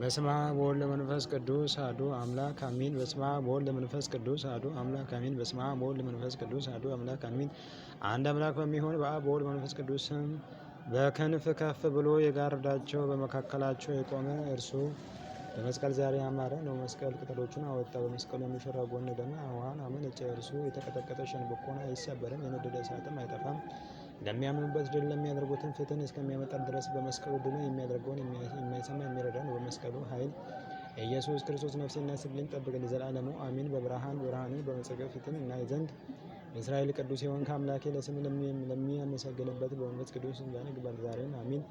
በስመ አብ ወወልድ ለመንፈስ ቅዱስ አሐዱ አምላክ አሚን። በስመ አብ ወወልድ ለመንፈስ ቅዱስ አሐዱ አምላክ አሚን። በስመ አብ ወወልድ ለመንፈስ ቅዱስ አሐዱ አምላክ አሚን። አንድ አምላክ በሚሆን በአብ በወልድ በመንፈስ ቅዱስም በክንፍ ከፍ ብሎ የጋረዳቸው በመካከላቸው የቆመ እርሱ በመስቀል ዛሬ ያማረ ነው። መስቀል ቅጠሎቹን አወጣ። በመስቀሉ የሚፈራ ጎን ደግሞ ውሃን አመነጨ። እርሱ የተቀጠቀጠ ሸንበቆን አይሰበርም፣ የነደደ እሳትም አይጠፋም። ለሚያምኑበት ድል ለሚያደርጉትን ፍትህን እስከሚያመጣ ድረስ በመስቀሉ ድልን የሚያደርገውን የማይሰማ የሚረዳን በመስቀሉ ኃይል ኢየሱስ ክርስቶስ ነፍሴና ስግልን ጠብቅ ለዘላለሙ አሚን። በብርሃን ብርሃኑ በመጸገ ፊትን እናይ ዘንድ እስራኤል ቅዱስ የሆን ከአምላኬ ለስም ለሚያመሰግንበት በመንፈስ ቅዱስ ዛነግ ባልዛሬን አሚን።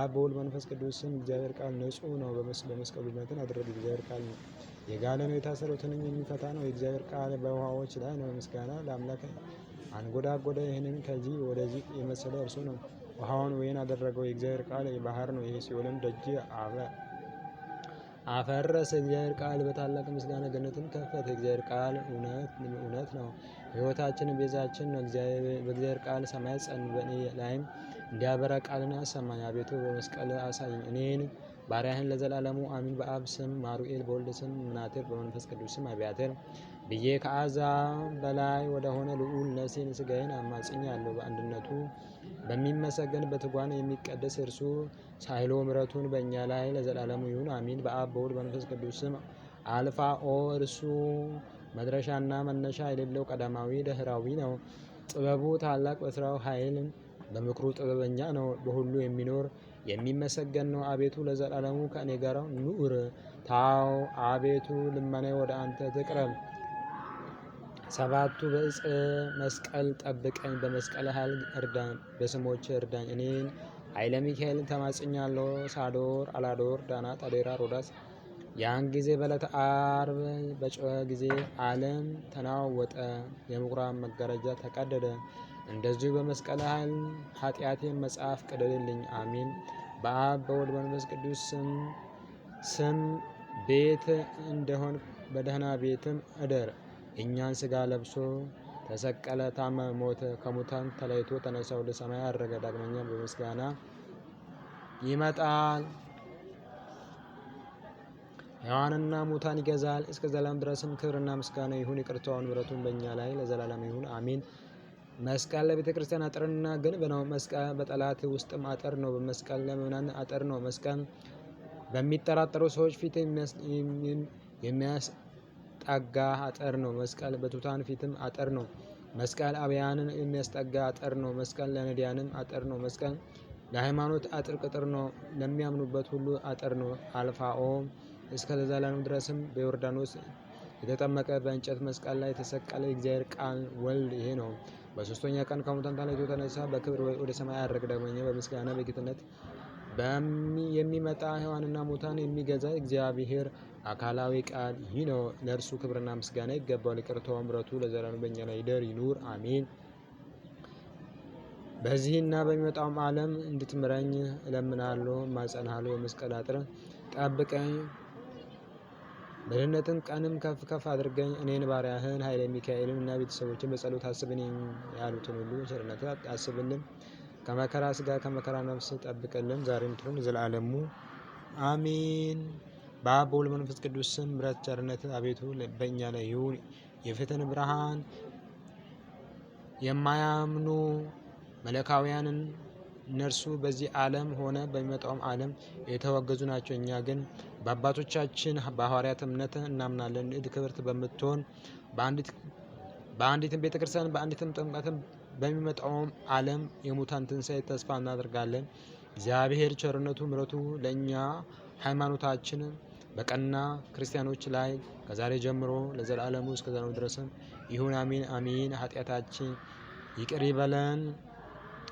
አብ በወልድ መንፈስ ቅዱስ ስም እግዚአብሔር ቃል ንጹሕ ነው። በመስቀሉ ድነትን አደረገ። እግዚአብሔር ቃል ነው የጋለ ነው። የታሰሩትንም የሚፈታ ነው። የእግዚአብሔር ቃል በውሃዎች ላይ ነው። ምስጋና ለአምላክ አንጎዳጎደ ይህንን ከዚህ ወደዚህ የመሰለ እርሱ ነው። ውሃውን ወይን አደረገው። የእግዚአብሔር ቃል ባህር ነው፣ የሲኦልም ደጅ አፈረሰ። እግዚአብሔር ቃል በታላቅ ምስጋና ገነትን ከፈተ። እግዚአብሔር ቃል እውነት ነው፣ ሕይወታችን ቤዛችን ነው። በእግዚአብሔር ቃል ሰማይ ጸን፣ በእኔ ላይም እንዲያበራ ቃልን አሰማኝ። አቤቱ በመስቀል አሳይኝ እኔን ባሪያህን ለዘላለሙ አሚን። በአብ ስም ማሩኤል፣ በወልድ ስም ምናቴር፣ በመንፈስ ቅዱስ ስም አብያቴር ብዬ ከአዛ በላይ ወደሆነ ልዑል ነፍሴን ሥጋዬን አማጽኛለሁ። በአንድነቱ በሚመሰገን በትጓን የሚቀደስ እርሱ ሳይሎ ምረቱን በእኛ ላይ ለዘላለሙ ይሁን አሚን። በአብ በውል በመንፈስ ቅዱስ ስም አልፋ ኦ እርሱ መድረሻና መነሻ የሌለው ቀዳማዊ ደህራዊ ነው። ጥበቡ ታላቅ በስራው ኃይል በምክሩ ጥበበኛ ነው። በሁሉ የሚኖር የሚመሰገን ነው። አቤቱ ለዘላለሙ ከእኔ ጋር ኑር። ታው አቤቱ ልመናዬ ወደ አንተ ትቅረብ። ሰባቱ በእፀ መስቀል ጠብቀኝ፣ በመስቀል ኃይል እርዳን፣ በስሞች እርዳኝ። እኔን ኃይለ ሚካኤል ተማጽኛለሁ። ሳዶር፣ አላዶር፣ ዳና አዴራ፣ ሮዳስ። ያን ጊዜ በዕለተ ዓርብ በጮኸ ጊዜ ዓለም ተናወጠ፣ የምኩራብ መጋረጃ ተቀደደ። እንደዚሁ በመስቀል ኃይል ኃጢአቴን መጽሐፍ ቅደድልኝ። አሚን። በአብ በወልድ በመንፈስ ቅዱስ ስም ስም ቤት እንደሆን በደህና ቤትም እደር። እኛን ስጋ ለብሶ ተሰቀለ፣ ታመመ፣ ሞተ፣ ከሙታን ተለይቶ ተነሳ፣ ወደ ሰማይ አረገ። ዳግመኛ በምስጋና ይመጣል፣ ሕያዋንና ሙታን ይገዛል። እስከ ዘላለም ድረስም ክብርና ምስጋና ይሁን። ይቅርታውን ምሕረቱን በእኛ ላይ ለዘላለም ይሁን፣ አሜን። መስቀል ለቤተ ክርስቲያን አጥርና ግንብ ነው። መስቀል በጠላት ውስጥም አጥር ነው። በመስቀል ለምእመናን አጥር ነው። መስቀል በሚጠራጠሩ ሰዎች ፊት የሚያስ የሚያስጠጋ አጥር ነው። መስቀል በቱታን ፊትም አጥር ነው። መስቀል አብያንን የሚያስጠጋ አጥር ነው። መስቀል ለነዳያንም አጥር ነው። መስቀል ለሃይማኖት አጥር ቅጥር ነው። ለሚያምኑበት ሁሉ አጥር ነው። አልፋኦ እስከ ዘላለም ድረስም በዮርዳኖስ የተጠመቀ በእንጨት መስቀል ላይ የተሰቀለ የእግዚአብሔር ቃል ወልድ ይሄ ነው። በሶስተኛ ቀን ከሙታን ተለይቶ ተነሳ፣ በክብር ወደ ሰማይ አረገ። ዳግመኛ በምስጋና በጌትነት የሚመጣ ሕያዋንና ሙታን የሚገዛ እግዚአብሔር አካላዊ ቃል ይህ ነው። ለእርሱ ክብርና ምስጋና ይገባዋል። ይቅርታው ምሕረቱ ለዘላለም በእኛ ላይ ይደር ይኑር አሜን። በዚህና በሚመጣውም ዓለም እንድትምረኝ እለምናለሁ፣ እማጸንሃለሁ። በመስቀል አጥር ጠብቀኝ፣ በድህነትም ቀንም ከፍ ከፍ አድርገኝ። እኔን ባሪያህን ኃይለ ሚካኤልን እና ቤተሰቦችን በጸሎት አስብን፣ ያሉትን ሁሉ ቸርነት አስብልን። ከመከራ ስጋ ከመከራ ነፍስ ጠብቅልን። ዛሬም ትሉም ዘላለሙ አሜን። በአብ በወልድ በመንፈስ ቅዱስ ስም ምሕረት ቸርነት አቤቱ በእኛ ላይ ይሁን። የፍትህን ብርሃን የማያምኑ መለካውያንን እነርሱ በዚህ ዓለም ሆነ በሚመጣውም ዓለም የተወገዙ ናቸው። እኛ ግን በአባቶቻችን በሐዋርያት እምነት እናምናለን። ንድ ክብርት በምትሆን በአንዲትም ቤተ ክርስቲያን በአንዲትም ጥምቀትም በሚመጣውም ዓለም የሙታን ትንሣኤ ተስፋ እናደርጋለን። እግዚአብሔር ቸርነቱ ምረቱ ለእኛ ሃይማኖታችን በቀና ክርስቲያኖች ላይ ከዛሬ ጀምሮ ለዘላለሙ እስከ ዘላለሙ ድረስም ይሁን። አሚን አሚን። ኃጢአታችን ይቅር ይበለን።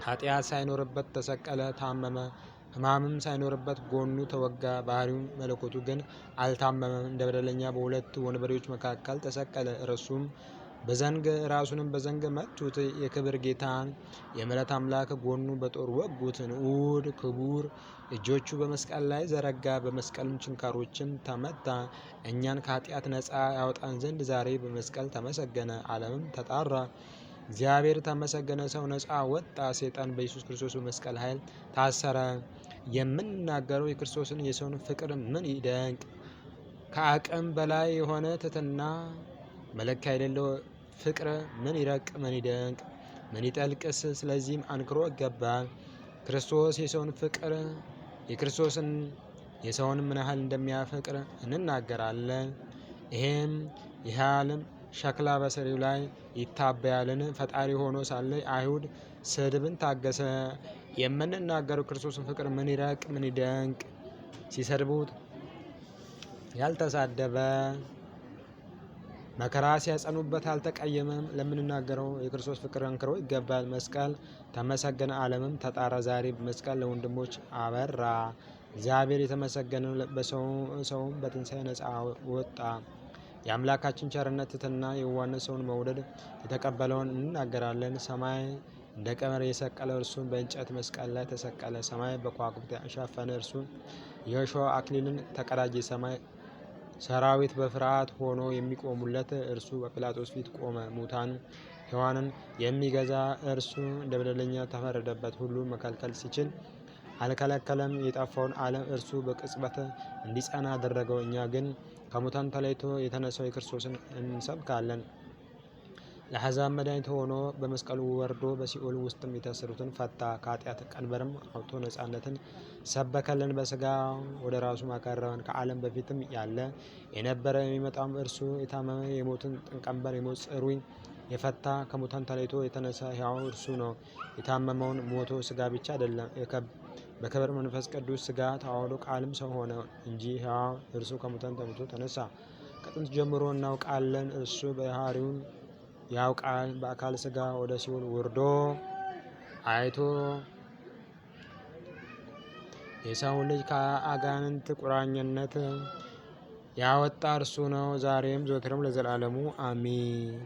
ኃጢአት ሳይኖርበት ተሰቀለ፣ ታመመ። ሕማምም ሳይኖርበት ጎኑ ተወጋ። ባህሪው መለኮቱ ግን አልታመመም። እንደ በደለኛ በሁለት ወንበዴዎች መካከል ተሰቀለ። እርሱም በዘንግ ራሱንም በዘንግ መቱት። የክብር ጌታን የምሕረት አምላክ ጎኑ በጦር ወጉት። ንዑድ ክቡር እጆቹ በመስቀል ላይ ዘረጋ። በመስቀልም ችንካሮችን ተመታ። እኛን ከኃጢአት ነፃ ያወጣን ዘንድ ዛሬ በመስቀል ተመሰገነ። ዓለምም ተጣራ። እግዚአብሔር ተመሰገነ። ሰው ነፃ ወጣ። ሰይጣን በኢየሱስ ክርስቶስ በመስቀል ኃይል ታሰረ። የምንናገረው የክርስቶስን የሰውን ፍቅር ምን ይደንቅ! ከአቅም በላይ የሆነ ትትና መለኪያ የሌለው ፍቅረ ምን ይረቅ ምን ይደንቅ ምን ይጠልቅስ። ስለዚህም አንክሮ ይገባል። ክርስቶስ የሰውን ፍቅር የክርስቶስን የሰውን ምን ያህል እንደሚያፈቅር እንናገራለን። ይሄም ይህ ዓለም ሸክላ በሰሪው ላይ ይታበያልን? ፈጣሪ ሆኖ ሳለ አይሁድ ስድብን ታገሰ። የምንናገረው ክርስቶስን ፍቅር ምን ይረቅ ምን ይደንቅ ሲሰድቡት ያልተሳደበ መከራ ሲያጸኑበት አልተቀየመም። ለምንናገረው የክርስቶስ ፍቅር አንክሮ ይገባል። መስቀል ተመሰገነ፣ ዓለምም ተጣራ። ዛሬ መስቀል ለወንድሞች አበራ። እግዚአብሔር የተመሰገነ በሰውም በትንሣኤ ነፃ ወጣ። የአምላካችን ትትና የዋነት ሰውን መውደድ የተቀበለውን እንናገራለን። ሰማይ እንደ ቀመር የሰቀለ እርሱን በእንጨት መስቀል ላይ ተሰቀለ። ሰማይ በከዋክብት ያሻፈነ እርሱን የእሾህ አክሊልን ተቀዳጀ። ሰማይ ሰራዊት በፍርሃት ሆኖ የሚቆሙለት እርሱ በጲላጦስ ፊት ቆመ። ሙታን ሕያዋንን የሚገዛ እርሱ እንደ በደለኛ ተፈረደበት። ሁሉ መከልከል ሲችል አልከለከለም። የጠፋውን ዓለም እርሱ በቅጽበት እንዲጸና አደረገው። እኛ ግን ከሙታን ተለይቶ የተነሳው የክርስቶስን እንሰብካለን። ለአሕዛብ መድኃኒት ሆኖ በመስቀሉ ወርዶ በሲኦል ውስጥም የታሰሩትን ፈታ፣ ከኃጢአት ቀንበርም አውጥቶ ነጻነትን ሰበከልን። በስጋ ወደ ራሱ አቀረበን። ከዓለም በፊትም ያለ የነበረ የሚመጣም እርሱ የታመመ የሞትን ቀንበር የሞት ጽሩ የፈታ ከሙታን ተለይቶ የተነሳ ሕያው እርሱ ነው። የታመመውን ሞቶ ስጋ ብቻ አይደለም በክብር መንፈስ ቅዱስ ስጋ ተዋህዶ ቃልም ሰው ሆነ እንጂ ሕያው እርሱ ከሙታን ተለይቶ ተነሳ። ከጥንት ጀምሮ እናውቃለን እርሱ ባህሪውን ያውቃል። በአካል ስጋ ወደ ሲኦል ወርዶ አይቶ የሰው ልጅ ከአጋንንት ቁራኝነት ያወጣ እርሱ ነው። ዛሬም ዘወትርም ለዘላለሙ አሚን።